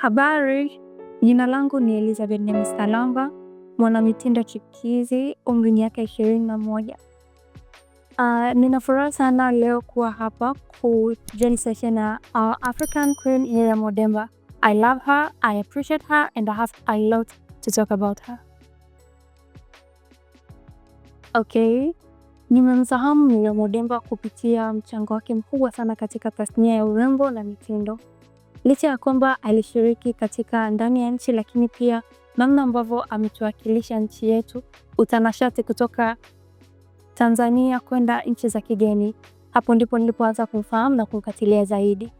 Habari, jina langu ni Elizabeth Nemisalamba, mwanamitindo chipukizi, umri miaka ishirini na moja. Uh, furaha sana leo kuwa hapa kujeni session na our ah, African queen Nyera Modemba. I love her, I appreciate her and I have a lot to talk about her. Okay, nimemfahamu Nyera Modemba kupitia mchango wake mkubwa sana katika tasnia ya urembo na mitindo licha ya kwamba alishiriki katika ndani ya nchi, lakini pia namna ambavyo ametuwakilisha nchi yetu, utanashati kutoka Tanzania kwenda nchi za kigeni. Hapo ndipo nilipoanza kumfahamu na kumkatilia zaidi.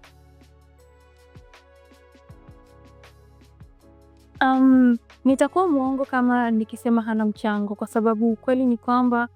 Um, nitakuwa mwongo kama nikisema hana mchango, kwa sababu ukweli ni kwamba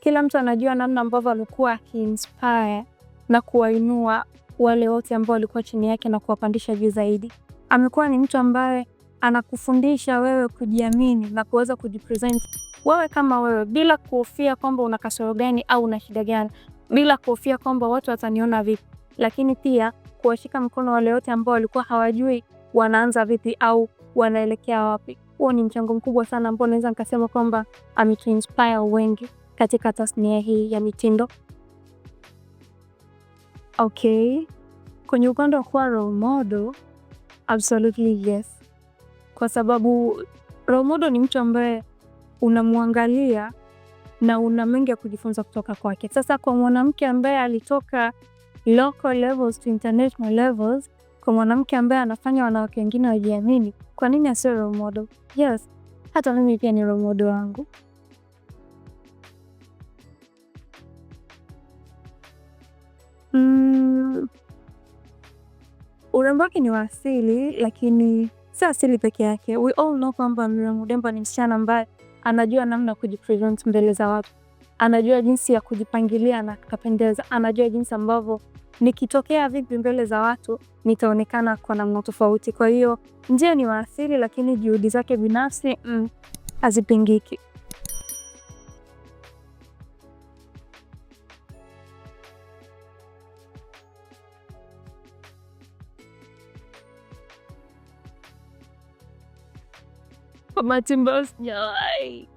kila mtu anajua namna ambavyo alikuwa akiinspire na kuwainua wale wote ambao walikuwa chini yake na kuwapandisha juu zaidi. Amekuwa ni mtu ambaye anakufundisha wewe kujiamini na kuweza kujipresent wewe kama wewe, bila kuhofia kwamba una kasoro gani au una shida gani, bila kuhofia kwamba watu wataniona vipi, lakini pia kuwashika mkono wale wote ambao walikuwa hawajui wanaanza vipi au wanaelekea wapi. Huo ni mchango mkubwa sana ambao naweza nikasema kwamba ametuinspire wengi katika tasnia hii ya mitindo. Okay, kwenye upande wa kuwa role model, absolutely yes, kwa sababu role model ni mtu ambaye unamwangalia na una mengi ya kujifunza kutoka kwake. Sasa kwa mwanamke ambaye alitoka local levels to international levels, kwa mwanamke ambaye anafanya wanawake wengine wajiamini, kwa nini asiwe role model? Yes, hata mimi pia ni role model wangu. Mm, urembo wake ni wa asili, lakini si asili peke yake. We all know kwamba Demba ni msichana ambaye anajua namna ya kujipresent mbele za watu, anajua jinsi ya kujipangilia na kapendeza anajua jinsi ambavyo nikitokea vipi mbele za watu nitaonekana kwa namna tofauti. Kwa hiyo ndio ni wa asili, lakini juhudi zake binafsi mm, hazipingiki. Kwa bahati mbaya sijawahi,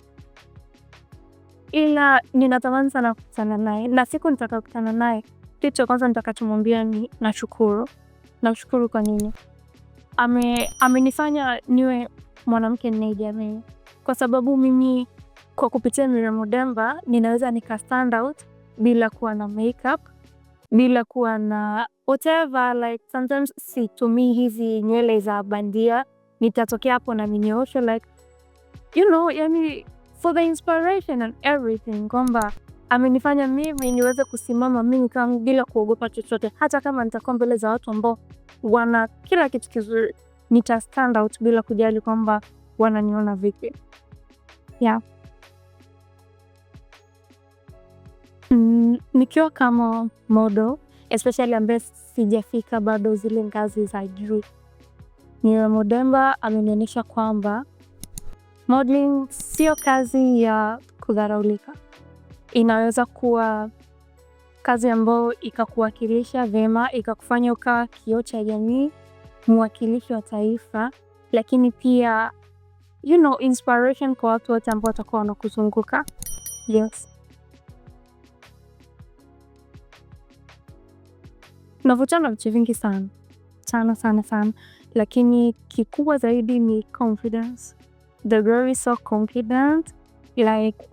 ila ninatamani sana kukutana naye, na siku nitakakutana naye, kitu cha kwanza nitakachomwambia ni nashukuru. Namshukuru kwa nini amenifanya ame niwe mwanamke ninayejiamini, kwa sababu mimi kwa kupitia Miriam Odemba ninaweza nika stand out bila kuwa na makeup, bila kuwa na whatever like sometimes situmii hizi nywele za bandia, nitatokea hapo na minyoosho like you know, yani for the inspiration and everything, kwamba amenifanya mimi niweze kusimama mimi kama bila kuogopa chochote, hata kama nitakuwa mbele za watu ambao wana kila kitu kizuri, nita stand out bila kujali kwamba wananiona vipi. Yeah. Mm, nikiwa kama model especially ambaye sijafika bado zile ngazi za juu, niwe Modemba amenionyesha kwamba Modeling sio kazi ya kudharaulika. Inaweza kuwa kazi ambayo ikakuwakilisha vyema, ikakufanya ukawa kioo cha jamii, mwakilishi wa taifa, lakini pia you know, inspiration kwa watu wote ambao watakuwa wanakuzunguka. Yes. Navutiwa na vitu vingi sana sana sana sana, lakini kikubwa zaidi ni confidence the girl is so confident like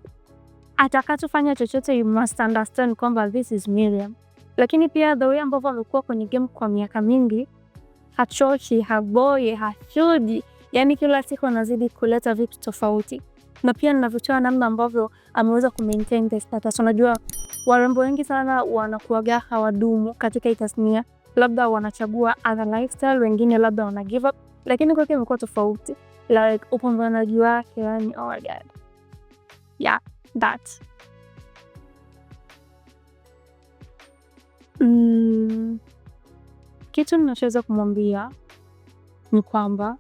atakachofanya chochote, you must understand kwamba this is Miriam. Lakini pia the way ambavyo amekuwa kwenye game kwa miaka mingi, hachoki, haboye, hashudi, yani kila siku anazidi kuleta vitu tofauti, na pia ninavutiwa namna ambavyo ameweza ku maintain the status. Unajua warembo wengi sana wanakuaga hawadumu katika hii tasnia, labda wanachagua other lifestyle, wengine labda wana give up, lakini kwake imekuwa tofauti like upambanaji wake, and oh my god, yeah that mm. Kitu ninachoweza kumwambia ni kwamba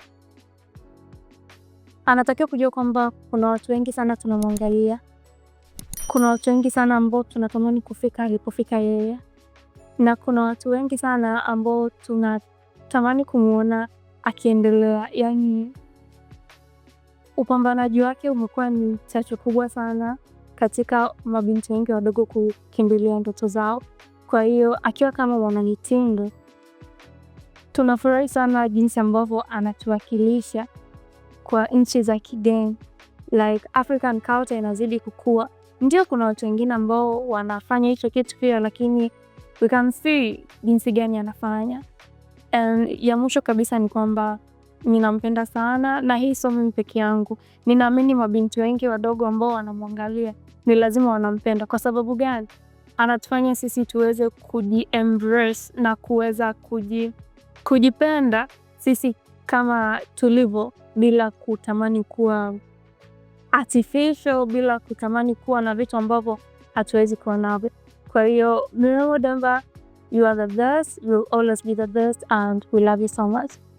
anatakiwa kujua kwamba kuna watu wengi sana tunamwangalia, kuna watu wengi sana ambao tunatamani kufika alipofika yeye, na kuna watu wengi sana ambao tunatamani kumwona akiendelea yani upambanaji wake umekuwa ni chachu kubwa sana katika mabinti wengi wadogo kukimbilia ndoto zao. Kwa hiyo akiwa kama mwanamitindo, tunafurahi sana jinsi ambavyo anatuwakilisha kwa nchi za kigeni, like African culture inazidi kukua. Ndio, kuna watu wengine ambao wanafanya hicho kitu pia, lakini we can see jinsi gani anafanya. And ya mwisho kabisa ni kwamba ninampenda sana na hii sio mimi peke yangu. Ninaamini mabinti wengi wadogo ambao wanamwangalia ni lazima wanampenda. Kwa sababu gani? Anatufanya sisi tuweze kujiembrace na kuweza kuji, kujipenda sisi kama tulivyo, bila kutamani kuwa artificial, bila kutamani kuwa na vitu ambavyo hatuwezi kuwa navyo. Kwa hiyo remember, you are the best, you'll always be the best and we love you so much.